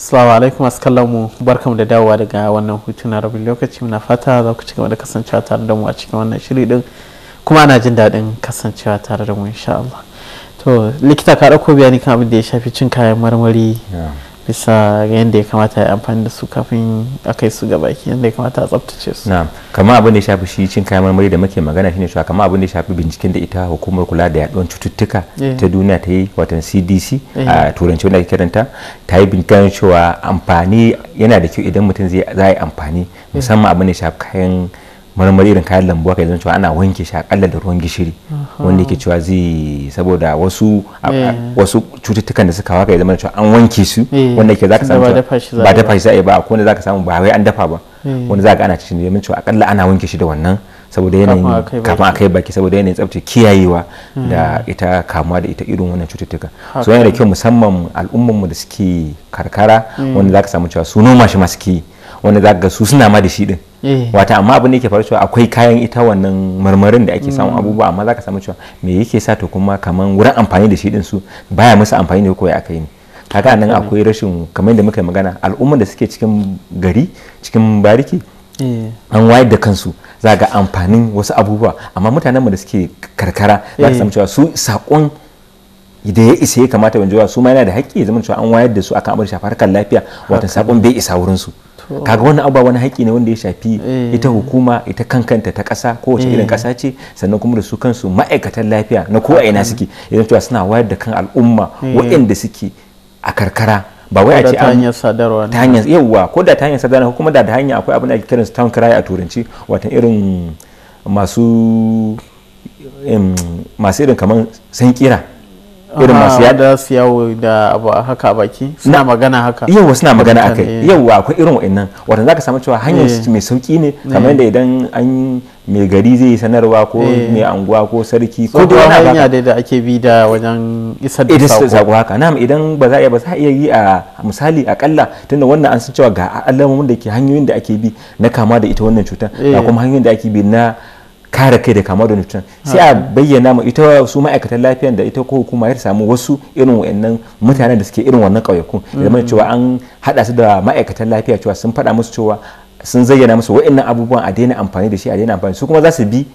Salamu alaikum askallamu barkamu da dawowa daga wannan hutu na rabin lokaci muna fata za ku ci gaba da kasancewa tare da mu a cikin wannan shiri din kuma ana jin daɗin kasancewa tare da mu insha Allah. To likita ka ɗauko bayani kan abin da ya shafi cin kayan marmari. bisa yadda ya kamata ya amfani da su kafin a kai su gabaki yadda ya kamata a tsabtace su na'am kamar abin da ya shafi shi cin kayan marmari da muke magana shine cewa kamar abin da ya shafi binciken da ita hukumar kula da yaduwar cututtuka eh. ta duniya ta yi watan CDC eh. a turanci wanda ake kiranta ta yi binciken cewa amfani yana da kyau idan mutum zai yi amfani eh. musamman abin da ya shafi kayan marmari irin kayan lambu haka yanzu cewa ana wanke shi akalla da ruwan gishiri wanda yake cewa zai saboda wasu wasu cututtukan da suka haka ya zama cewa an wanke su eh. wanda yake zaka samu ba dafa shi zai ba akwai wanda zaka samu ba wai an dafa ba eh. wanda zaka ana cikin domin cewa akalla ana wanke shi da wannan saboda yanayin kafin a kai baki saboda yanayin tsabtace kiyayewa hmm. da ita kamuwa da ita irin wannan cututtuka so yana da kyau musamman al'umman mu da suke karkara hmm. wanda zaka samu cewa su noma shi masu suke wanda za su suna ma da shi din eh. wata amma abin da yake faru cewa akwai kayan ita wannan marmarin da ake mm. samun abubuwa amma za ka samu cewa me yake sa to kuma kaman wurin amfani da shi din su baya musu amfani da koyi akai ne kaga nan akwai rashin kamar da muka yi magana al'umma da suke cikin gari cikin bariki eh. an wayar da kansu za ga amfanin wasu abubuwa amma mutanen mu da suke karkara za ka eh. samu cewa su saƙon da ya isa ya kamata wa su ma yana da haƙƙi ya zama cewa an wayar da su akan abin shafar kan lafiya wata sakon bai isa wurin su kaga wannan abu wani haƙƙi ne wanda ya shafi eh. ita hukuma ita kankanta ta ƙasa ko wace irin eh. ƙasa ce sannan kuma da su kansu ma'aikatan lafiya na ko ina suke idan cewa suna wayar da kan al'umma eh. waɗanda suke a karkara ba wai a ce an ta hanyar yawwa ko da ta hanyar sadarwa ko kuma da ta hanyar akwai abin da ake su town cry a turanci wato irin masu masu irin kamar san kira irin masu yada su yawo da abu haka baki suna magana haka yawa suna magana akai yawa akwai irin wa'annan za zaka samu cewa hanyar eh. mai sauki ne eh. kamar da idan an mai gari zai sanarwa ko eh. mai anguwa ko sarki ko da wani hanya dai da ake bi da wajen isar da sako sako haka na'am idan ba za a iya ba za a iya yi a misali akalla tunda wannan an san cewa ga alamomin da ke hanyoyin da ake bi na kama da ita wannan cutar da kuma hanyoyin da ake bi na kare kai da kama da cutar sai a bayyana mu ita su ma'aikatan lafiyan da ita ko hukuma ya samu wasu irin wayannan mutanen da suke irin wannan ƙauyakun da mana cewa an haɗa su da ma'aikatan lafiya cewa sun faɗa musu cewa sun zayyana musu wayannan abubuwan a daina amfani da shi a daina amfani su kuma za su bi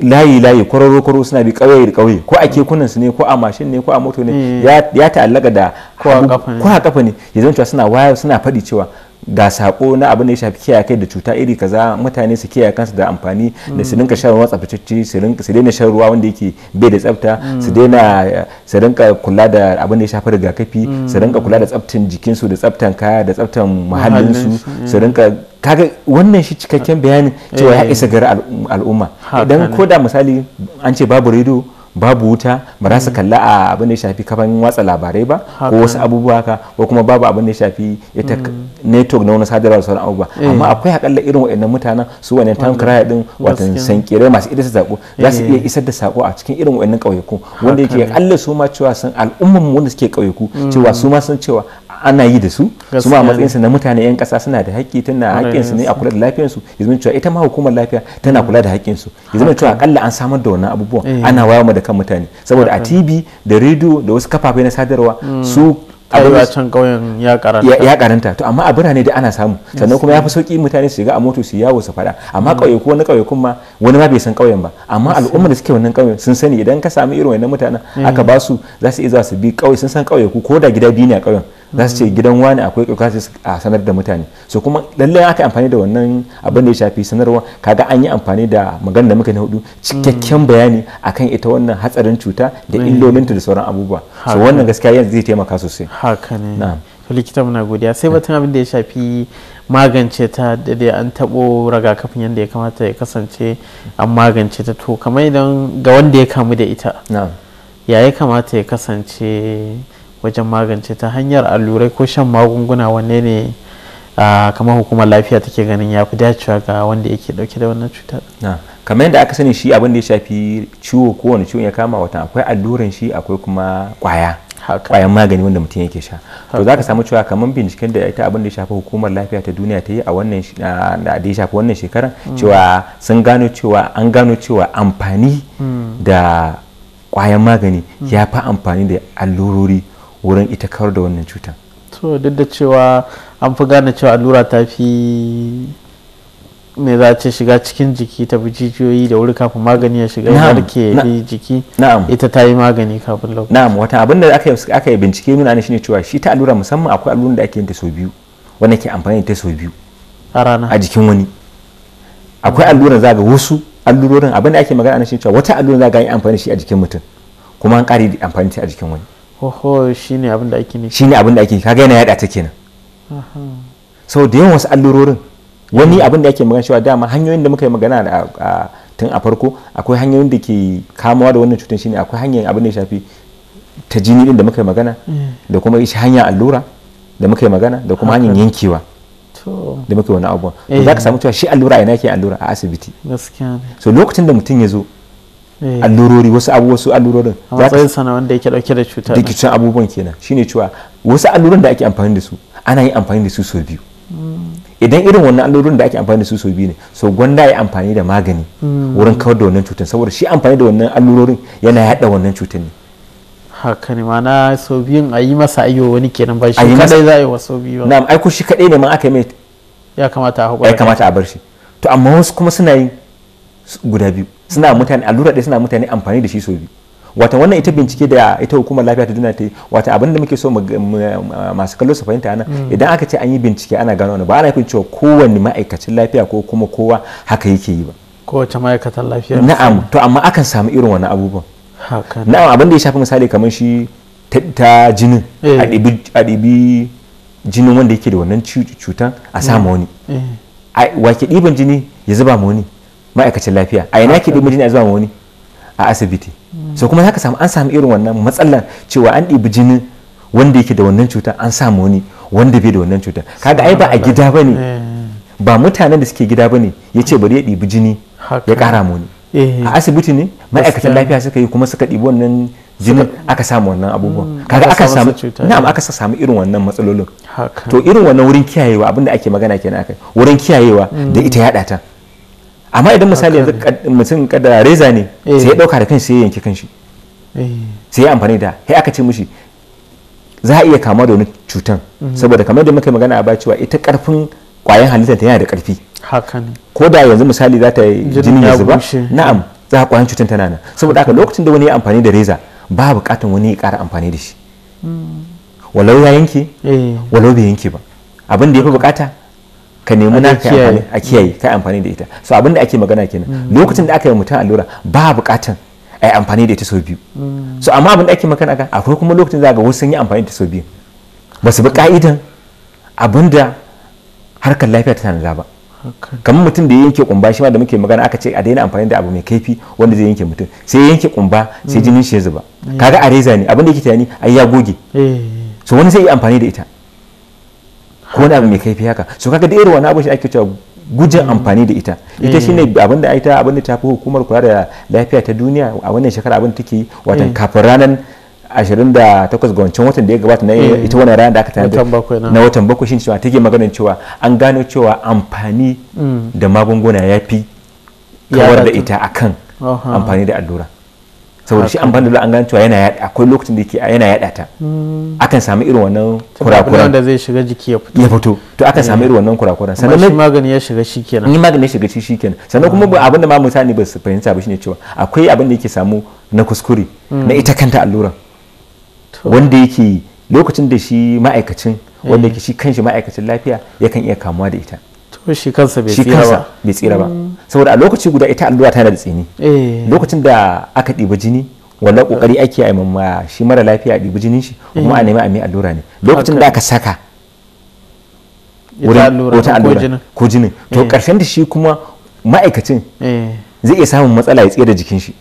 layi layi kwararo kwararo suna bi ƙauye da ƙauye ko a kekunan su ne ko a mashin ne ko a moto ne mm. ya ta'allaka da ko a kafa ne ya zama cewa suna waya suna faɗi cewa ga sako na abin da ya shafi kiyaye kai da cuta iri kaza mutane su kiyaye kansu da amfani da su rinka shan ruwa su su daina shan ruwa wanda yake bai da tsafta su daina su rinka kula da abin da ya shafi rigakafi su rinka kula da tsaftan jikinsu da tsaftan kaya da tsaftan muhallinsu mm. su rinka kaga wannan shi cikakken bayanin cewa ya eh. isa gari al'umma idan ko da misali an ce babu rediyo babu wuta ba za su mm. kalla a abin da ya shafi kafan watsa labarai ba ko wasu abubuwa ka ko kuma babu abin da ya shafi ita mm. network na wani sadarwa sauran abubuwa eh. amma akwai akalla irin waɗannan mutanen su wannan town crier din watan sankere masu su sako za su iya eh. isar da sako a cikin irin waɗannan ƙauyaku wanda yake akalla su ma cewa sun al'umman mu wanda suke ƙauyaku mm. cewa su ma sun cewa ana yi da su su ma matsayin su na mutane yan kasa suna da haƙƙi tana haƙƙin su ne a kula da lafiyar su yanzu cewa ita ma hukumar lafiya tana kula da haƙƙin su yanzu cewa akalla an samar da wannan abubuwan eh. ana wayar da kan mutane saboda a TV da rediyo da wasu kafafen na sadarwa hmm. su can ƙauyen ya karanta ya karanta to amma a birane da ana samu sannan kuma ya fi sauki mutane su shiga a moto su yawo su fada amma hmm. ƙauye ko wani ƙauye kuma wani ma bai san ƙauyen ba amma al'ummar da suke wannan ƙauyen sun sani idan ka samu irin wannan mutanen eh. aka ba su za su iya zuwa su bi ƙauye sun san ƙauye ko da gida biyu ne a ƙauyen za su ce gidan wani akwai kokasis a sanar da mutane so kuma lallai aka amfani da wannan abin da ya shafi sanarwa kaga an yi amfani da magana da muka na hudu cikakken bayani akan ita wannan hatsarin cuta da illolinta da sauran abubuwa so wannan gaskiya yanzu zai taimaka sosai haka ne na'am likita muna godiya sai batun abin da ya shafi magance ta da an raga ragakafin yadda ya kamata ya kasance an magance ta to kamar idan ga wanda ya kamu da ita ya ya kamata ya kasance wajen magance ta hanyar allurai ko shan magunguna wanne ne kamar hukumar lafiya take ganin ya fi dacewa ga wanda yake dauke da wannan cutar kamar yadda aka sani shi abin da ya shafi ciwo wani ciwon ya kama watan akwai alluran shi akwai kuma kwaya kwayan magani wanda mutum yake sha to za ka samu cewa kamar binciken da ita abin da ya shafi hukumar lafiya ta duniya ta yi a wannan da ya shafi wannan shekarar mm. cewa sun gano cewa an gano cewa amfani mm. da kwayan magani mm. ya fi amfani da allurori wurin ita kawar da wannan cutan to duk da cewa an fi gane cewa allura ta fi me za ce shiga cikin jiki ta fi jijiyoyi da wuri kafin magani ya shiga ya ke jiki ita ta yi magani kafin lokaci na'am wata abin da aka yi bincike nuna ne shine cewa shi ta allura musamman akwai allura da ake yin ta sau biyu wanda ke amfani da ta sau biyu a rana a jikin wani akwai allura za ga wasu allurorin abin da ake magana shine cewa wata allura za ga yi amfani shi a jikin mutum kuma an kare amfani ta a jikin wani oho shine abin da ake ne shine abin da ake kaga yana yada ta kenan so da yawan wasu allurorin wani hmm. abin da ake magana cewa dama hanyoyin da muka yi magana a tun a farko akwai hanyoyin da ke kamawa da wannan cutar shine akwai hanyar abin da ya shafi ta jini din da muka yi magana hmm. da kuma shi hanyar allura da muka yi magana da kuma hanyar yankewa da muka yi wani Ko za ka eh. samu cewa shi allura ina ke allura a asibiti so lokacin da mutum ya zo Eh. allurori wasu abu wasu allurorin a matsayin sana wanda yake dauke da cutar rikicin abubuwan kenan shine cewa wasu alluran da ake amfani da su ana yin amfani da su sau biyu hmm. idan irin wannan allurorin da ake amfani da su sau biyu ne so gwanda ya amfani da magani hmm. wurin kawar da wannan cutar saboda shi amfani da wannan allurorin yana yada wannan cutar ne haka ne mana sau biyun a yi masa ayyo wani kenan ba shi kadai za a yi wa sau biyu na'am aiko shi kadai ne ma aka yi mai ya kamata a bar shi to amma wasu kuma suna yin guda biyu suna mutane allura ɗaya suna mutane amfani da shi sau biyu wata wannan ita bincike da ita hukumar lafiya ta duniya ta yi wata abin da muke so masu kallo su fahimta nan mm. idan aka ce an yi bincike ana gano wani ba ana nufin cewa kowanne ma'aikacin lafiya ko kuma kowa haka yake yi ba kowace ma'aikatar lafiya na'am to amma akan samu irin wani abubuwan na'am abin da ya shafi misali kamar shi ta jinin eh. a ɗibi jinin wanda yake da wannan cutan a sama mm. wani eh. wake ɗiban jini ya zuba ma wani ma'aikacin lafiya a ina ke ɗibi jini a zuwa wani a asibiti so kuma ka samu an samu irin wannan matsalar cewa an ɗibi jini wanda yake da wannan cutar an samu wani wanda bai da wannan cutar kaga ai ba a gida ba ne eh. ba mutanen da suke gida ba ne ya ce bari ya ɗibi jini ya ƙara mu eh. a asibiti ne ma'aikatan lafiya suka yi kuma suka ɗibi wannan jinin aka samu wannan abubuwan mm. kaga aka samu na'am aka samu irin wannan matsalolin to irin wannan wurin kiyayewa abinda ake magana kenan akai wurin kiyayewa da mm. ita yaɗa ta amma idan misali yanzu mutum kada reza ne eh. sai ya dauka da kan sai ya yanke kanshi eh. sai ya amfani da sai aka ce mishi za a iya kama da wani cutan mhm. saboda kamar da muka magana a ba cewa ita karfin kwayan halitta ta yana da karfi ko da yanzu misali za ta yi jini ya zuba na'am za a kwayan cutan tana nan saboda haka lokacin da wani ya amfani da reza ba bukatan wani ya kara amfani da shi hmm. walau ya yanke eh. walau bai yanke ba abin da ya fi bukata ka nemi na a kiyaye ka amfani da ita so abin da ake magana kenan mm. lokacin da aka yi mutum allura ba bukatan a yi amfani da ita sau biyu mm. so amma abin da ake magana kan akwai kuma lokacin za ga wasu sun yi amfani da ita sau biyu ba su bi ka'idan abin da harkar lafiya ta tanada ba kamar mutum da ya yanke kumba shi ma da muke magana aka ce a daina amfani da abu mai kaifi wanda zai yanke mutum sai ya yanke kumba sai mm. jinin shi ya zuba kaga a reza ne abin da yake tunani ai ya goge eh. so wani zai yi amfani da ita ko wani abu mai kaifi haka so kaga da irin wani abu shi ake cewa gujin mm. amfani da ita ita shine eh. abin da ita abin da ta fi hukumar kula da lafiya ta duniya a wannan shekara abin take watan eh. kafin ranar 28 ga wancan watan da ya gabata na eh. ita wannan ranar da aka tana na watan bakwai shine cewa take maganin cewa an gano cewa amfani mm. da magunguna ya fi kawar da ita akan amfani da allura saboda shi an da an gane cewa yana akwai lokacin da yake yana yada ta hmm. akan samu irin wannan kurakura da zai shiga jiki ya fito ya fito to akan samu irin wannan kurakura sannan shi magani ya shiga shikenan ni magani ya shiga shi shikenan sannan kuma abin da ma mutane ba su fahimta ba shine cewa akwai abin da yake samu na kuskure na hmm. ita kanta alluran wanda yake lokacin da shi ma'aikacin wanda eh. yake shi kanshi ma'aikacin lafiya yakan iya kamuwa da ita shi kansa bai tsira ba bai tsira ba saboda a lokaci guda ita allura tana da tsini eh. lokacin da aka ɗiba jini wannan kokari ake a mamma shi mara lafiya a ɗibi jinin shi kuma a eh. nemi a mai allura ne lokacin da aka saka wurin wata allura ko jinin to karshen eh. da shi kuma ma'aikacin zai iya samun matsala ya tsira jikin shi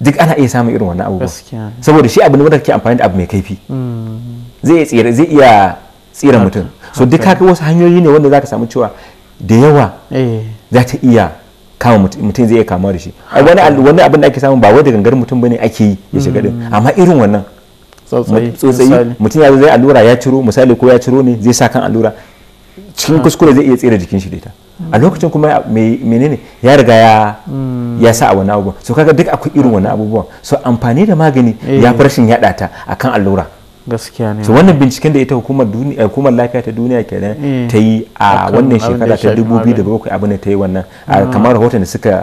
duk ana iya samun irin wannan abubuwa saboda shi abu ne wanda kake amfani da abu mai kaifi mm. Zai iya zai iya tsira mutum so duk haka wasu hanyoyi ne wanda zaka samu cewa da yawa eh. za ta iya kama mutum zai iya kama da shi wani abin da ake samu ba wai da gangar mutum bane ake yi ya shiga din mm. amma irin wannan tsotsayi mutum ya zai allura ya ciro misali ko ya ciro ne zai sa kan allura cikin ah. kuskure zai iya tsira jikin shi da ita a mm. lokacin kuma menene ya riga ya mm. ya sa a wani abubuwan so kaga duk akwai irin wani abubuwan so amfani da magani ya fi eh. rashin yaɗa ta akan allura gaskiya ne so wannan binciken da ita hukumar duniya eh, hukumar lafiya ta duniya kenan mm. ta yi a wannan shekara ta 2007 abin da ta yi wannan ah. kamar rahoton da suka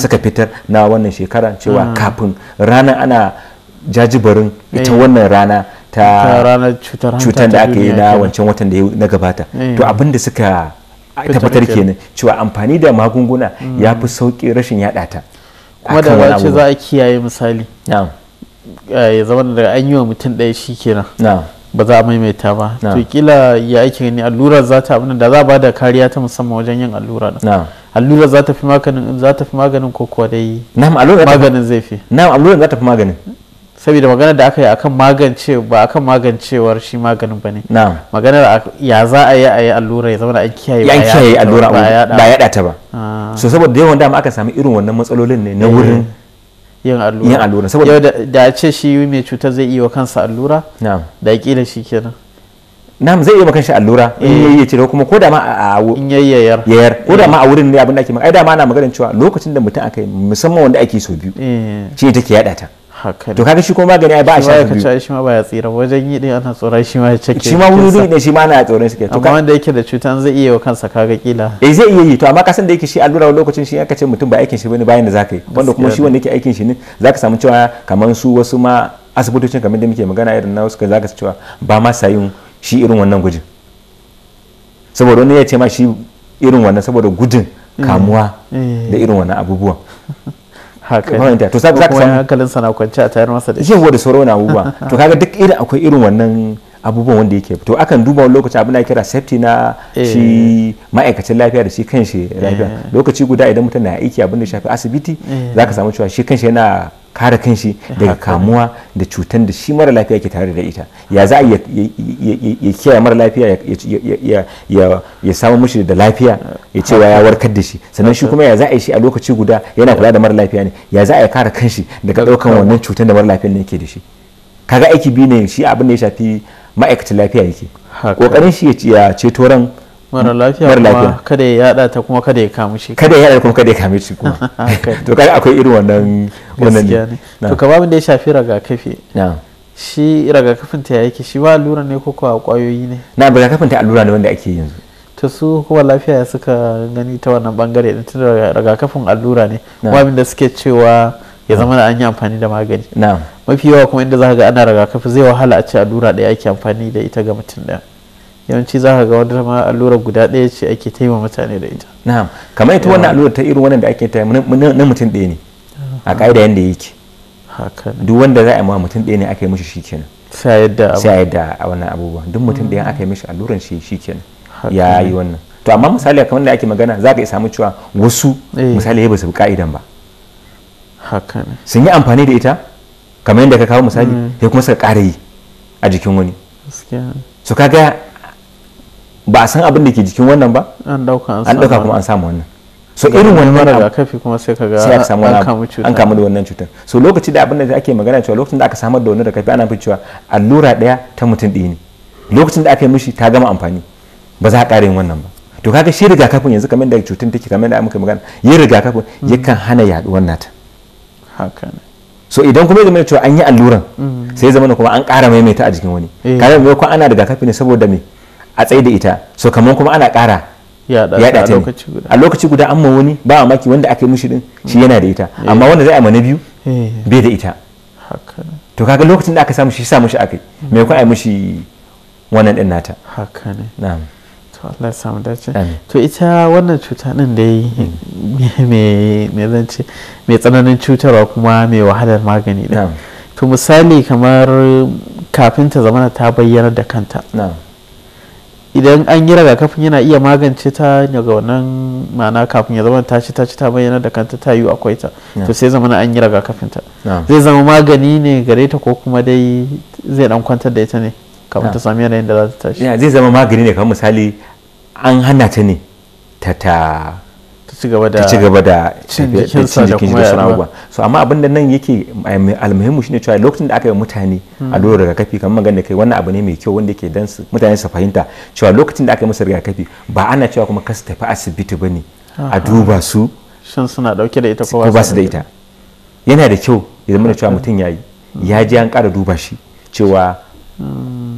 suka fitar na wannan shekara cewa ah. kafin rana ana jajibarin ita eh. wannan rana ta ranar cutar da aka yi na wancan watan da na gabata eh. to abin da suka tabbatar kenan cewa amfani da magunguna mm. ya fi sauki rashin yada ta kuma da wace za a kiyaye misali ya zama da an yi wa mutum ɗaya shi kenan ba za a maimaita ba to kila ya aiki gani allurar za ta abin da za ba da kariya ta musamman wajen yin allura na allura za ta fi maganin za ta fi maganin ko kuwa dai maganin zai fi na'am allura za ta fi maganin saboda magana da aka yi akan magance ba akan magancewar shi maganin bane na'am maganar ya za a yi a yi allura ya zama da an kiyaye ba kiyaye allura ba ya ta ba ah. so saboda yawan dama aka sami irin wannan matsalolin ne na eh. wurin yin allura yin allura saboda yau da ce shi mai cutar zai iya wa kansa allura na'am da kila shi kenan na'am zai iya wa kansa allura in eh. yayi ya cire kuma ko da ma a in yayi yayar yayar ko da eh. ma a wurin ne abin da ake ai da ma ana maganar cewa lokacin da mutum aka yi musamman wanda ake so biyu ce eh. take yada ta to kaga shi kuma magani ba a sha biyu shi ma ba ya tsira wajen yi din ana tsoron shi ma ya cike shi ma wuri ne shi ma ana tsoron shi to amma wanda yake da cutan zai iya wa kansa kaga kila eh zai iya yi to amma kasan da yake shi allura lokacin shi aka ce mutum ba aikin shi bane bayan da zaka yi wanda kuma shi wanda yake aikin shi ne zaka samu cewa kamar su wasu ma asibitocin kamar da muke magana irin na wasu zaka cewa ba ma sayin shi irin wannan gujin saboda wani ya ce ma shi irin wannan saboda gudun mm. kamuwa eh. da irin wannan abubuwan mafahimta to sabu zaka samu hankalin sana kwanci a tayar masa da shi yawa da sauran wani abubuwa to kaga duk irin akwai irin wannan abubuwan wanda yake to akan duba wani lokaci abin da kira safety na shi eh. ma'aikacin lafiya da shi kanshi eh. lafiya lokaci guda idan mutum na aiki abin da shafi asibiti eh. zaka samu cewa shi kanshi yana kare shi daga kamuwa da cutar da shi mara lafiya ke tare da ita ya za a ya kiyaye mara lafiya ya samu mushi da lafiya ya cewa ya warkar da shi sannan shi kuma ya za a yi shi a lokaci guda yana kula da mara lafiya ne ya za a ya kare shi daga daukan wannan cutar da mara lafiya ne yake da shi kaga aiki biyu ne shi abin da ya shafi ma'aikacin lafiya yake ƙoƙarin shi ya ceto ran mara hmm? lafiya kuma kada ya yada ta kuma kada ya kamu shi kada ya yada kuma kada ya kamu shi kuma to kai akwai irin wannan wannan ne to kamar abin da ya shafi ragakafi shi ragakafin ta yake shi ba allura ne ko kuwa kwayoyi ne na ragakafin ta allura ne wanda ake yanzu to su kuma lafiya suka gani ta wannan bangare din tun ragakafin allura ne kuma abin da suke cewa ya zama da an yi amfani da magani mafi yawa kuma inda za ka ga ana ragakafi zai wahala a ce allura ɗaya ake amfani da ita ga mutum ɗaya yawanci za ka ga wani ma allura guda ɗaya ce ake taima mutane da ita na'am kamar ita wannan allura ta irin wannan da ake ta na mutum ɗaya ne a ƙa'ida ya yake duk wanda za a yi ma mutum ɗaya ne aka yi mishi shi kenan sai yadda a wannan abubuwa duk mutum ɗaya mm. aka yi mishi alluran shi shi kenan ya yi wannan to amma misali kamar da ake magana za ka samu cewa wasu eh. misali ba su bi ka'idan ba sun yi amfani da ita kamar yadda ka kawo misali ya mm. kuma suka ƙara yi a jikin wani su kaga ba san abin da ke jikin wannan ba an dauka kuma an samu wannan so irin wannan kafi kuma sai ka ga sai aka an kamu da wannan cutar so lokaci da abin da ake magana cewa lokacin da aka samar da wannan kafi ana fi cewa allura daya ta mutum ɗaya ne lokacin da aka yi mishi ta gama amfani ba za a ƙara yin wannan ba to kaga shi rigakafin yanzu kamar da cutar take kamar da muka magana yin rigakafin hmm. yakan hana yaduwar nata haka so idan kuma ya zama cewa an yi alluran hmm. sai ya zama kuma an ƙara maimaita a jikin wani eh. kaga maimakon ana rigakafi ne saboda me a tsaye da ita so kamar kuma ana ƙara yaɗa ta a lokaci guda an ma wani ba maki wanda aka yi mushi din shi mm. yana da ita amma wanda zai amma na biyu eh. bai da ita to kaga lokacin da aka samu shi samu shi akai mm. me kuma ai mushi wannan din nata haka ne na'am to Allah ya samu dace to ita wannan cuta din dai mm. me me zan ce me tsananin cutarwa kuma me wahalar magani din to misali kamar kafin ta zamana ta bayyana da kanta na'am idan an yi rigakafin yana iya magance ta daga wannan ma'ana kafin ya zama tashi tashi ta bayyana da kanta ta yiwu akwai ta to sai zama an yi rigakafin ta zai zama magani ne gare ta ko kuma dai zai dan kwantar da ita ne kafin ta sami yanayin da za ta tashi zai zama magani ne kamar misali an hana ta ne ta ta ta ci gaba da cin jikin da sauran abubuwa so amma abin da nan yake almuhimmu shine cewa lokacin da aka yi mutane a hmm. allurar rigakafi kamar magana da kai wannan abu ne mai kyau wanda yake dan mutane su fahimta cewa lokacin da aka yi musu rigakafi ba ana cewa kuma ka su tafi asibiti ba ne a duba su shin suna dauke da ita ko ba su da ita yana da kyau ya zama cewa hmm. mutum ya yi hmm. ya ji an kara duba shi cewa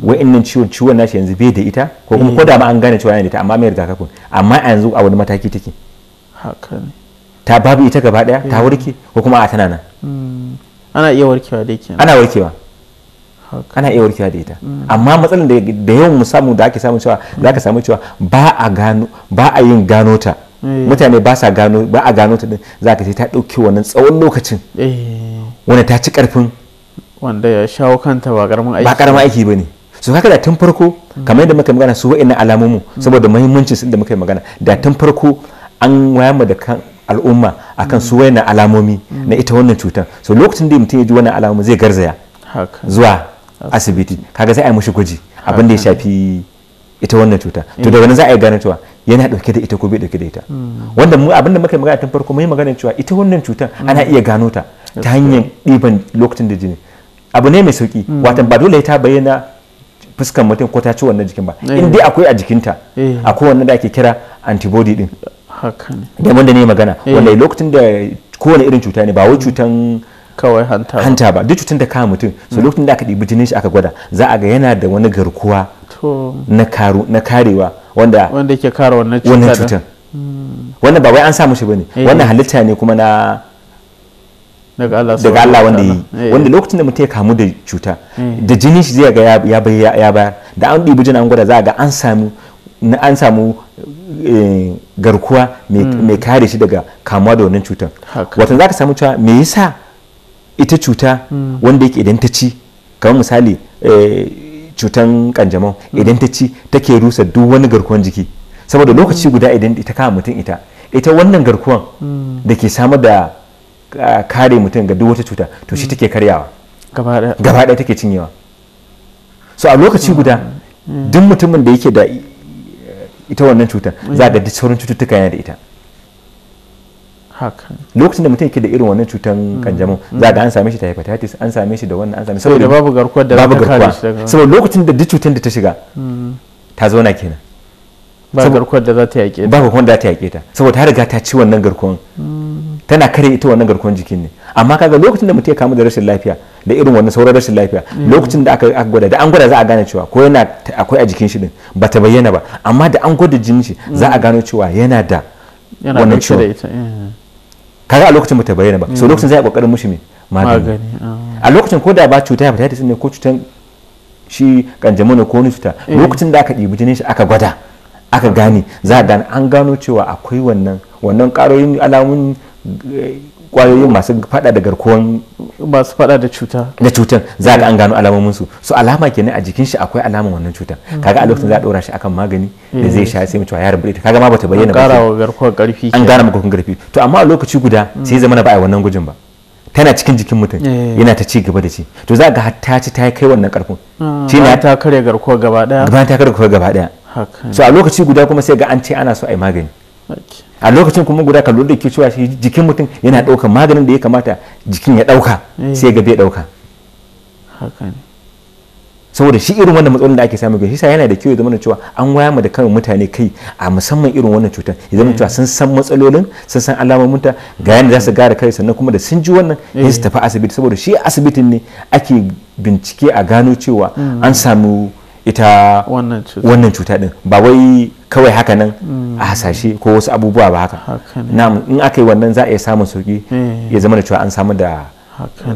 wa'annan ciwon ciwon nashi yanzu bai da ita ko kuma eh. ko da ma an gane cewa yana da ita amma mai rigakafin amma yanzu a wani mataki take ta babu ita gaba daya ta eh. warke ko kuma a tana nan hmm. ana iya warkewa da ke ana warkewa ana iya warkewa da ita hmm. amma matsalar da yawan mu samu da ake samu cewa za ka samu cewa ba a gano ba a yin gano ta eh. mutane ba sa gano ba a gano ta din za ka ce ta dauke wannan tsawon lokacin eh. wanda ta ci karfin wanda ya shawo kanta ba karamin aiki ba karamin aiki bane su haka da tun farko hmm. kamar yadda muka magana su wa'annan alamomu saboda muhimmancin su da muka yi magana da tun farko an waya mu da kan al'umma kan su wayannan alamomi na ita wannan cutar so lokacin da mutum ya ji wannan alamomi zai garzaya zuwa asibiti kaga sai a yi mushi gwaji abin da ya shafi ita wannan cuta to daga nan za a yi gane cewa yana dauke da ita ko bai dauke da ita hmm. wanda mu abin da muka magana tun farko mun yi magana cewa ita wannan cutar hmm. ana iya gano ta ta hanyar diban lokacin da jini abu ne mai sauki hmm. watan ba dole ta bayyana fuskan mutum ko ta ci wannan jikin ba eh. in dai akwai a jikinta eh. akwai wannan da ake kira antibody din da wanda ne magana eh. wanda lokacin da kowane irin cuta ne ba wai cutan kawai hanta ba duk cutan da kama mutum so hmm. lokacin da aka ɗibi jinin shi aka gwada za a ga yana da wani garkuwa na karewa wanda wanda ke kare wannan cutan hmm. wannan ba wai an samu shi bane eh. wannan halitta ne kuma na daga Allah wanda yi eh. wanda lokacin da mutum ya kamu da cuta da jinin shi zai ga ya bayar da an ɗibi jinin an gwada za a ga an samu na an samu eh, garkuwa hmm. mai kare shi daga kamuwa da wannan cutar watan za ka samu cewa me yasa ita cuta hmm. wanda yake idan ta ci kamar misali eh, cutan kanjamau hmm. idan ta ci take rusa duk wani garkuwan jiki saboda lokaci guda idan ita kama mutum ita ita wannan garkuwan da ke samar da kare mutum ga duk wata cuta to shi take karyawa gaba ɗaya take cinyewa so a lokaci guda duk mutumin da yake da ita wannan cutar za ga sauran cututtuka yana da ita lokacin da mutum yake da irin wannan cutar kanjamau mm. za ga an same shi ta hepatitis an same shi da wannan an same shi saboda babu garkuwar da babu garkuwa saboda lokacin da duk cutar da ta shiga mm. ta zauna kenan ba garkuwar da za ta yake ta ba garkuwar da za ta ta saboda ta riga ta ci wannan garkuwar mm. tana kare ita wannan garkuwar jikin ne amma kaga lokacin da mutum ya kamu da rashin lafiya da irin wannan sauran rashin lafiya lokacin da aka gwada da an gwada za a gane cewa ko yana akwai a jikin shi din ba ta bayyana ba amma da an gwada jinin shi za a gano cewa yana da wannan ciwon eh. kaga a lokacin ba ta bayyana ba so mm. lokacin za a kokarin mushi magani ah. a lokacin ko da ba cuta ya hepatitis ne ko cutan shi kanjamu ne ko ni cuta eh. lokacin da aka dibi jinin shi aka gwada aka gane za a an gano cewa akwai wannan wannan karoyin alamun eh, kwayoyin masu fada da garkuwan masu fada da cuta da cutan za ga an gano alamomin su so alama kenan a jikin shi akwai alaman wannan cutan mm. kaga a lokacin za a dora shi akan magani da zai mm. sha sai mu cewa ya rubuta kaga ma bata bayyana ba an garkuwar karfi an gara garkuwar karfi to amma a lokaci guda mm. sai zama na ba a wannan gujin ba tana cikin jikin mutum eh. yana ta ci gaba da ci to za ga hatta ci ta kai wannan karfin shi na ta kare garkuwa gaba daya gaba ta kare garkuwa gaba daya so a lokaci guda kuma sai ga an ce ana so a yi magani a lokacin kuma guda ka lura da cewa shi jikin mutum yana ɗauka maganin da ya kamata jikin ya ɗauka eh. sai ga bai ɗauka saboda shi irin wannan matsalolin da ake samu ga shi yana da kyau ya zama cewa an waya mu da kan mutane kai a musamman irin wannan cutar ya zama cewa eh. sun san matsalolin sun san ta ga yanda za su gara kai sannan kuma da sun ji wannan sai su eh. tafi asibiti saboda shi asibitin ne ake bincike a gano cewa mm. an samu ita wannan cuta din ba wai kawai haka nan a mm. hasashe ko wasu abubuwa ba haka na in aka yi wannan za a iya samun sauki eh. ya zama da cewa an samu da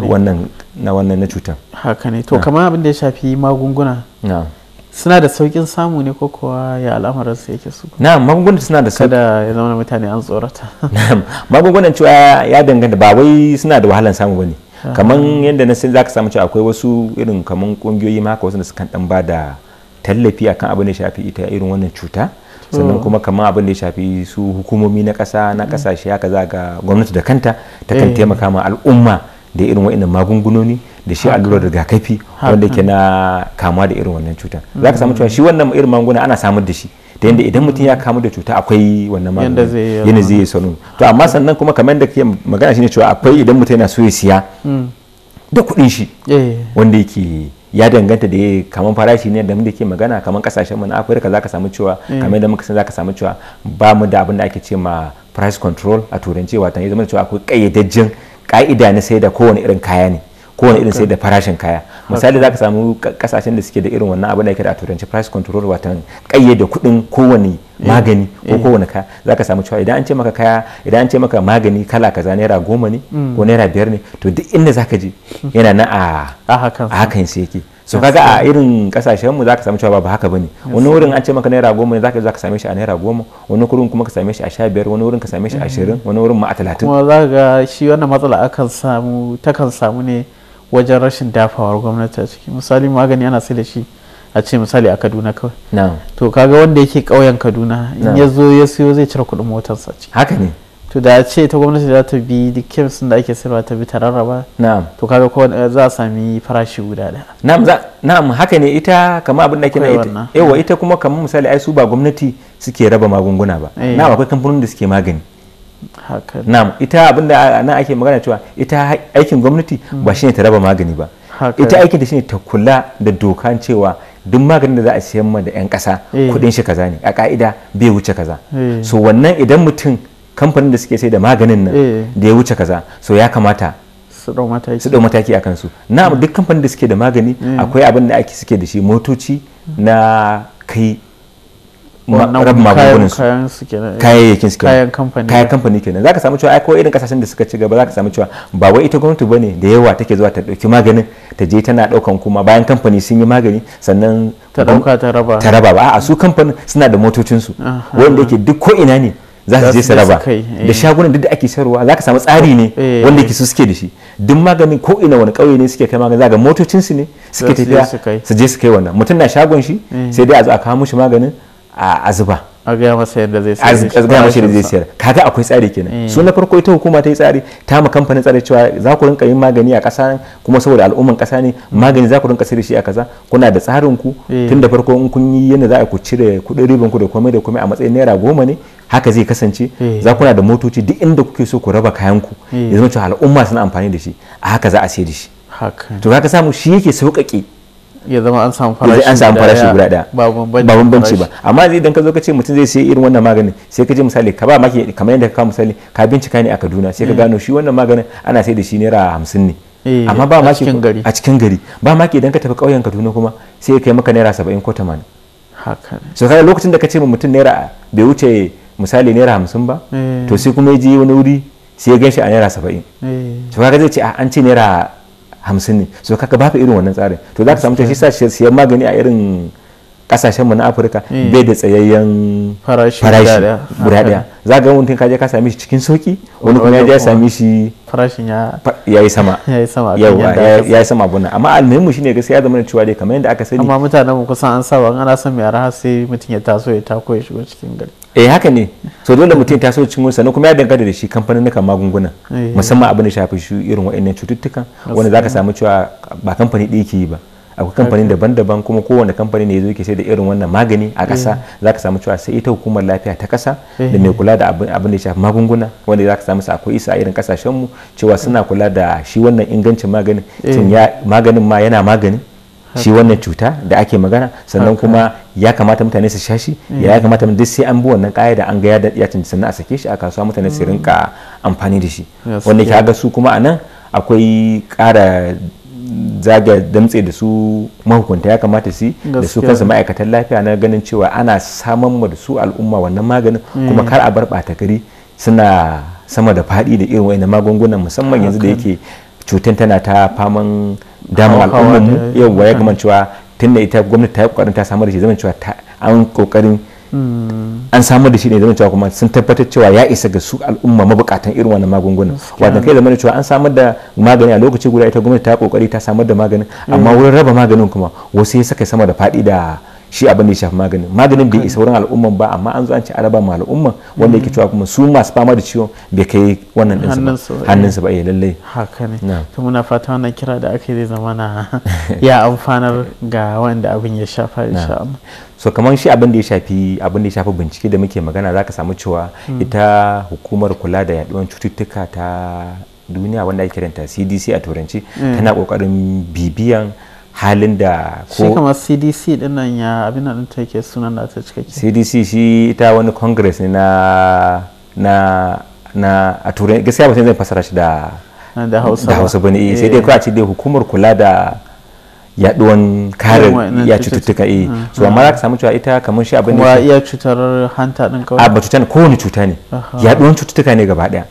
wannan na wannan na cutar haka ne to kamar abin da ya shafi magunguna suna da saukin samu ne ko kuwa ya al'amarin su yake su na magungunan suna da sauki kada ya zama da mutane an tsorata magungunan cewa ya danganta ba wai suna da wahalan samu bane ah. kamar yadda na san zaka samu cewa akwai wasu irin kamar kungiyoyi ma haka wasu da kan dan ba da tallafi akan abin da shafi ita irin wannan cuta sannan oh. kuma kamar abin da ya shafi su hukumomi na ƙasa na mm. shi haka za ga gwamnati da kanta ta kan eh. taimaka ma al'umma da irin wa'annan magungunoni da shi allurar rigakafi wanda ke na kamuwa da irin wannan cutar za ka samu mm. cewa shi wannan irin magunguna ana samar da shi ta yadda mm. idan mutum ya kamu da cuta akwai wannan magunguna yadda zai yi sanu to amma sannan kuma kamar da ke magana ne cewa akwai idan mutum yana so ya siya da kuɗin shi eh. wanda yake ya danganta da kamar farashi ne da muke magana kamar kasashen mu na Afirka zaka samu cewa mm. kamar da muka san zaka samu cewa ba mu da abin da ake ce ma price control a turanci wato ya zama cewa akwai kayyadajjen ka'ida na sai da kowane irin kaya ne kowane irin sai da farashin kaya misali ka samu kasashen da suke da irin wannan abu da yake da turanci price control watan kayyade kuɗin kowane eh, magani ko eh. kowane kaya ka samu cewa idan an ce maka kaya idan an ce maka magani kala kaza naira goma ne mm. ko naira biyar ne to duk inda za ka je yana na a hakan sai yake so kaga a irin kasashen mu ka samu cewa ba haka bane wani wurin an ce maka naira goma ne za ka same shi a naira goma wani wurin kuma ka same shi a sha biyar wani wurin ka same shi a mm. ashirin wani wurin ma a talatin kuma ka ga shi wannan matsala akan samu takan samu ne wajen rashin dafawar gwamnati a ciki misali magani ana sai da shi a ce misali a kaduna kawai to kaga wanda yake ƙauyen kaduna in ya zo ya siyo zai cire kuɗin motarsa ciki haka ne to da ce ta gwamnati za ta bi duk kimsin da ake sayarwa ta bi ta rarraba to kaga ko za a sami farashi guda daya na'am na'am haka ne ita kama abin da na ita yawa ita kuma kamar misali ai su ba gwamnati suke raba magunguna ba eh. na'am akwai kamfanonin da suke magani na'am ita abinda nan ake magana cewa ita aikin gwamnati ba shine ta raba magani ba ita aikin ta shine ta kula da dokan cewa duk maganin da za a siyan ma da yan kasa eh. kudin shi kaza ne a ka'ida bai wuce kaza eh. so wannan idan mutum kamfanin da suke sai da maganin nan eh. da ya wuce kaza so ya kamata su dau mataki a kansu na hmm. duk kamfanin da suke da magani hmm. akwai abin da ake suke da shi motoci na kai rabin magungunan su eh, kayayyakin su kayan kamfani kayan kamfani kenan zaka samu cewa ko irin kasashen da suka ci gaba zaka samu cewa ba wai ita gwamnati bane da yawa take zuwa ta dauki maganin ta je tana daukan kuma bayan kamfani sun yi magani sannan ta dauka ta raba ta raba ba a'a su kamfanin suna da motocin su wanda yake duk ko ina ne za su je su raba eh. da shagunan duk da ake sayarwa za ka samu tsari ne eh. wanda yake su suke da shi duk maganin ko ina wani kauye ne suke kai maganin za ga motocin su ne suke tafiya su je su kai wannan mutum na shagon shi sai dai a zo a kawo mishi maganin a zuba a gaya masa yadda zai sayar a kaga akwai tsari kenan eh. su na farko ita hukuma ta yi tsari ta ma kamfanin tsari cewa za ku rinka yin magani a ƙasa kuma saboda al'umman ƙasa ne mm. magani za ku rinka sayar shi a kaza kuna da tsarin ku eh. tun da farko in kun yi yadda za a ku cire kuɗin riban ku da komai da komai a matsayin naira goma ne haka zai kasance eh. za kuna da motoci duk inda kuke so ku raba kayan ku ya zama cewa al'umma suna amfani da shi a haka za a sayar da shi to ka samu shi yake sauƙaƙe ya zama an samu farashi an samu farashi guda daya ba bambanci ba amma idan ka zo ka ce mutum zai sayi irin wannan maganin sai ka je misali ka ba maki kamar yadda ka misali ka bincika ne a Kaduna sai ka mm. gano shi wannan maganin ana sai da shi naira hamsin ne eh, amma ba maki a cikin gari ba maki idan ka tafi ƙauyen Kaduna kuma sai kai maka naira saba'in ko tamanin haka so kaga lokacin da ka ce mutum naira bai wuce misali naira hamsin ba eh. to sai kuma ya je wani wuri sai ya ganshi a naira saba'in to eh. kaga zai ce an ce naira hamsin ne so kaka ba irin wannan tsarin to za ka samu shi sa siyan magani a irin kasashen mu na afirka hmm. bai da tsayayyen farashi guda daya za ga mutum kaje ka sami shi cikin sauki wani kuma ya sami shi farashin ya yi sama ya yi sama ya yi sama abun amma almuhimmu shine gaskiya zama da cewa dai kamar yadda aka sani amma mutanen mu kusan an saba ana son mai araha sai mutum ya taso ya tako ya shigo cikin gari eh haka ne so dole mutum ta so cin na kuma ya dangana da shi kamfanin magunguna eh. musamman abin da shafi shi irin wa'annan cututtuka wanda za ka samu cewa ba kamfani ɗaya ke yi ba akwai kamfani daban-daban kuma kowane kamfani ne ya zo ke sai da irin wannan magani a ƙasa eh. za ka samu cewa sai ita hukumar lafiya ta ƙasa eh. da mai kula da abin da shafi magunguna wanda za ka samu akwai isa a irin mu cewa suna kula da shi wannan ingancin maganin maganin ma yana magani shi wannan cuta da ake magana sannan kuma ya kamata mutane su sha shi mm. ya kamata duk sai an bi wannan ƙa'ida an ga ya ya cancanci sannan a sake shi a kasuwa mutane su mm. rinka amfani da shi wanda ke ga su kuma a nan akwai kara zage damtse da su mahukunta ya kamata su da su kansu ma'aikatan lafiya na ganin cewa ana samun da su al'umma wannan maganin mm. kuma kar a bar ɓata gari suna sama da faɗi da irin na magungunan musamman yanzu da yake cutar tana ta faman damar al'ummanmu yau ya gama cewa tun da ita gwamnati ta yi kokarin ta samar da shi zama cewa ta an kokarin hmm. an samar da shi ne zama cewa kuma sun tabbatar cewa ya isa ga su al'umma mabukatan irin wannan magungunan wadda kai zama cewa an samar da magani a lokaci guda ita gwamnati ta kokari ta samar da maganin amma hmm. wurin raba maganin kuma wasu ya saka sama da faɗi da shi abin da ya shafi maganin maganin bai isa wurin al'umman ba amma an zo an ci araba ma al'umman wanda yake cewa kuma su masu fama da ciwon bai kai wannan din ba hannunsu ba iya eh. eh, lalle haka ne to muna fata wannan kira da aka yi zai zama na ya amfanar ga wanda abin ya shafa insha Allah so kamar shi abin da ya shafi abin da ya shafi bincike da muke magana zaka samu cewa hmm. ita hukumar kula da yaduwar cututtuka ta duniya wanda ake kiranta CDC a turanci hmm. tana kokarin bibiyan halin da ko shi kamar cdc dinnan ya abin da ta yake sunan da ta cikakke cdc shi ita wani congress ne na na na a turai gaskiya ba sai zan fasara shi da da hausa ne eh, sai dai eh. ko a ce dai hukumar kula da yaduwan karin ya cututtuka eh so ah, amma za ka samu cewa ita kamar shi abin da iya cutar hanta din kawai a ah, ba cutar kowane cuta ne yaduwan cututtuka ne gaba daya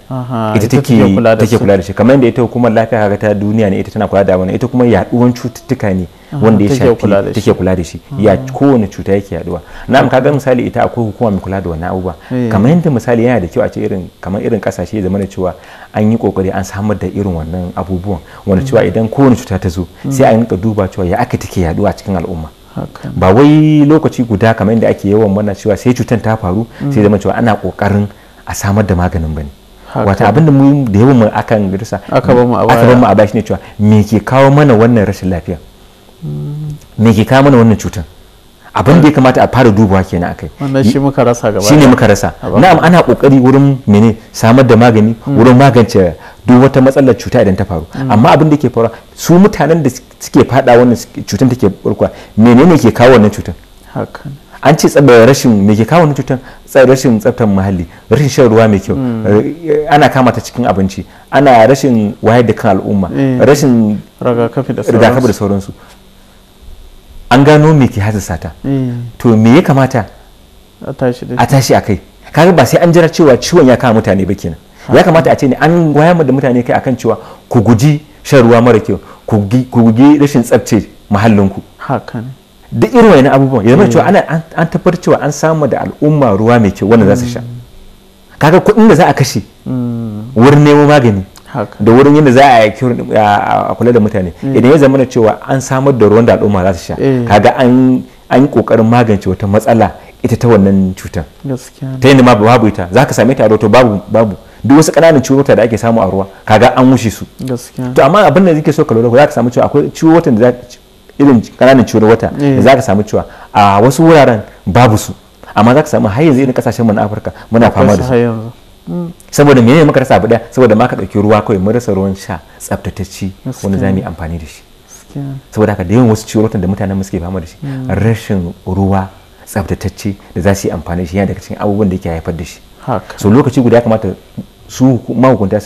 ita take take kula da shi kamar yadda ita hukumar lafiya kaga ta duniya ne ita tana kula da wannan ita kuma yaduwan cututtuka ne wanda ya shafi take kula da shi ya hmm. kowane cuta yake yaduwa na'am kaga misali ita akwai hukuma mai kula da wannan abubuwa eh. kamar yadda misali yana da kyau a ce irin kamar irin kasashe zama da cewa an yi kokari an samar da irin wannan abubuwan wanda hmm. cewa idan kowane cuta ta zo hmm. sai a rinka duba cewa ya aka take yaduwa a cikin al'umma ba wai lokaci guda kamar yadda ake yawan mana cewa sai cutar ta faru sai zama cewa ana kokarin a samar da maganin bane wata abinda mu da yawan mu akan girsa aka ba mu a baya ne cewa me ke kawo mana wannan rashin lafiya me ke kawo mana wannan cutar abin da ya kamata a fara dubawa kenan akai wannan shi muka rasa gaba shine muka rasa na'am ana kokari wurin mene samar da magani hmm. wurin magance duk wata matsalar cuta idan ta faru hmm. amma abin da ke faruwa su mutanen da suke fada wannan cutar take burkwa menene ke kawo wannan cutar an ce tsabar rashin me ke kawo wannan cutar rashin tsaftar muhalli rashin shan ruwa mai kyau hmm. eh, ana kama ta cikin abinci ana rashin wayar da kan al'umma eh. rashin rigakafi da sauransu an gano me ke haddasa ta mm. to me ya kamata a tashi a kai kare ba sai an jira cewa ciwon ya kama mutane ba kenan ya kamata a ce ne an waya da mutane kai akan cewa ku guji shan ruwa mara kyau ku guji rashin tsabce mahallinku duk irin wani abubuwa ya zama cewa mm. ana an tabbatar cewa an samu da al'umma ruwa mai kyau wanda za su sha mm. kaga kuɗin da za a kashe wurin neman magani da wurin yadda za a a kula da mutane mm. idan ya zama cewa an samar da ruwan da al'umma za su sha eh. kaga an yi kokarin magance wata matsala ita ta wannan cutar ta yadda ma babu ita za ka same ta a ruwa to babu babu duk wasu ƙananan ciwota da ake samu a ruwa kaga an wushe su to amma abin da yake so ka lura za ka samu cewa akwai ciwotan da irin ƙananan ciwota da eh. za ka samu cewa a wasu wuraren babu su amma za ka samu har yanzu irin kasashen mu na Afirka muna fama da su saboda ne muka rasa abu daya saboda ma ka dauki ruwa kawai mun rasa ruwan sha tsaftatacci wanda za mu yi amfani da shi saboda haka da yawan wasu ciwon da mutanen mu suke fama da shi hmm. rashin ruwa tsaftatacce da za su yi amfani da shi yana daga cikin abubuwan da yake haifar da shi so lokaci guda ya kamata su mahukunta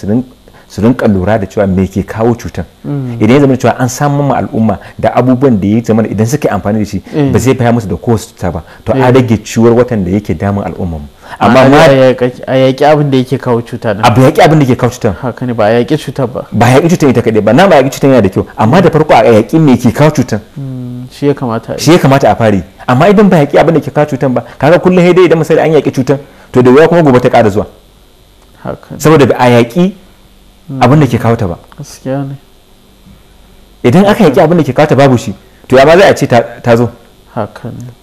su rinka lura da cewa me ke kawo cutan hmm. idan ya zama cewa an samun ma al'umma da abubuwan da ya zama idan suke amfani da shi eh. ba zai faya musu da ko ta ba to a eh. rage ciwar watan da yake damun al'umman mu amma ma a yaƙi abin da yake kawo cuta ne abu yaƙi abin da yake kawo cuta haka ne ba a yaƙi cuta ba ba a yaƙi cuta ita kaɗai ba na ba a yaƙi cuta yana da kyau amma da farko a yaƙi me ke kawo cuta shi hmm, ya kamata shi ya kamata a fari amma idan ba yaƙi abin da ke kawo cuta ba kaga kullum sai dai idan misali an yaƙi cuta to da wuya kuma gobe ta ƙara zuwa saboda a yaƙi hmm. abin da ke kawo ta ba gaskiya ne idan aka yaƙi abin da ke kawo ta babu shi to ya ma za a ce ta zo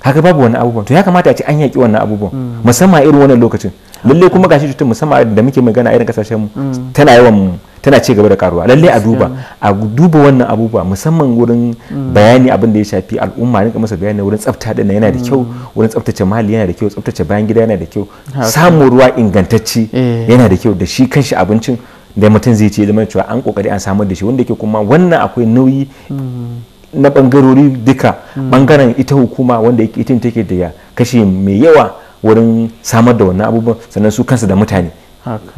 haka babu wani abubuwan to ya kamata a ce an yaƙi wannan abubuwan mm. musamman irin wannan lokacin lallai kuma gashi cutar musamman da muke magana a irin kasashen mu mm. tana yawan mu tana ci gaba da karuwa lallai a duba a duba wannan abubuwa musamman wurin mm. bayani abin da ya shafi al'umma rinka masa bayani wurin tsafta din yana da kyau wurin tsaftace mahalli yana da kyau tsaftace bayan gida yana da kyau samun ruwa ingantacce eh. yana da kyau da shi kanshi abincin da mutum zai ce zama cewa an kokari an samar da shi wanda ke kuma wannan akwai nauyi na bangarori duka bangaren ita hukuma wanda ita take da ya kashe mai yawa wurin samar da wannan abubuwan sannan su kansu da mutane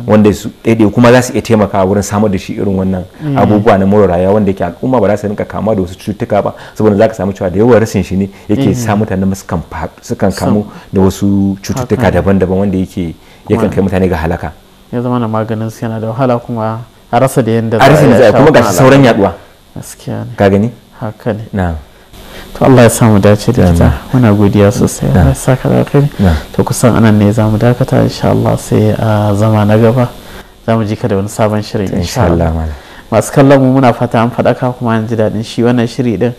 wanda su ɗaiɗai kuma za su iya taimaka wurin samar da shi irin wannan mm. abubuwa na more rayuwa wanda yake al'umma ba za su rinka kama da wasu cututtuka ba saboda za ka samu cewa da yawan rashin shi ne yake mm. sa mutane sukan kamu da wasu cututtuka daban-daban wanda yake yakan kai mutane ga halaka ya zama na maganin su yana da wahala kuma a rasa da yadda za a rasa da kuma ga sauran yaduwa gaskiya ka gani haka ne to Allah ya samu dace da ita muna godiya sosai a ya saka da kai to kusan anan ne zamu dakata insha Allah sai a zama na gaba zamu ji ka da wani sabon shiri. insha Allah masu kallon mu muna fata an faɗaka kuma an ji daɗin shi wannan shiri din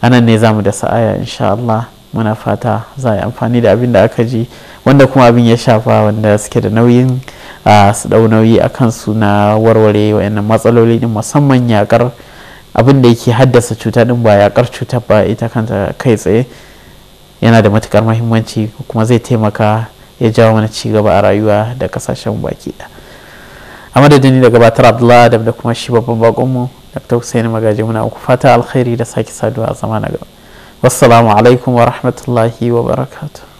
anan ne zamu da sa'aya insha Allah muna fata za a yi amfani da abin da aka ji wanda kuma abin ya shafa wanda suke da nauyin su dau nauyi akan su na warware wayannan matsaloli din musamman yakar abin da yake haddasa cuta din ba yakar cutar ba ita kanta kai tsaye yana da matukar mahimmanci kuma zai taimaka ya jawo mana ci gaba a rayuwa da kasashen baki a madadin da gabatar abdullahi da kuma shi babban bakonmu dr hussein magaji muna uku fata alkhairi da sake saduwa a zama na gaba wassalamu alaikum wa rahmatullahi wa barakatuh